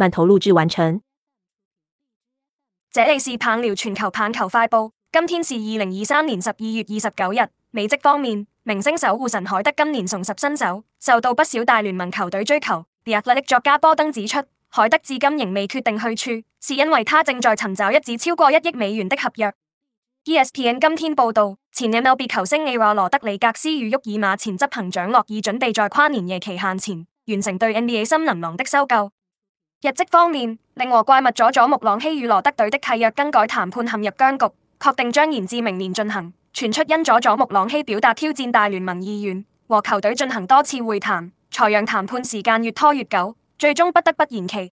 慢投錄製完成。這裡是棒聊全球棒球快報。今天是二零二三年十二月二十九日。美職方面，明星守護神海德今年重拾身手，受到不少大聯盟球隊追求。The Athletic 作家波登指出，海德至今仍未決定去處，是因為他正在尋找一紙超過一億美元的合約。ESPN 今天報道，前 MLB 球星里瓦羅德里格斯與沃爾瑪前執行長洛爾準備在跨年夜期限前完成對 NBA 森林狼的收購。日職方面，令和怪物佐佐木朗希與羅德隊的契約更改談判陷入僵局，確定將延至明年進行。傳出因佐佐木朗希表達挑戰大聯盟意願，和球隊進行多次會談，才讓談判時間越拖越久，最終不得不延期。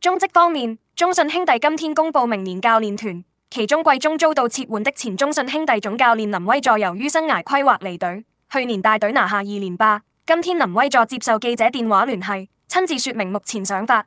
中職方面，中信兄弟今天公布明年教練團，其中季中遭到撤換的前中信兄弟總教練林威助，由於生涯規劃離隊。去年帶隊拿下二連霸，今天林威助接受記者電話聯繫，親自說明目前想法。